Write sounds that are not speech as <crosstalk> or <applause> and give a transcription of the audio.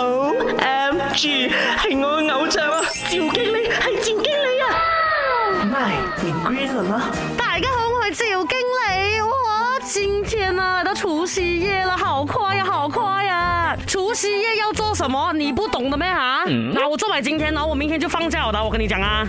好，M G 係我嘅偶像啊，趙經理係趙經理啊 <laughs> ，My Green 啦，大家好，我係趙經理，哇今天啊都除夕夜啦，好快啊！好快啊！除夕夜要做什麼？你不懂得咩吓！嗱、嗯，我做埋今天咯，我明天就放假啦，我跟你講啊。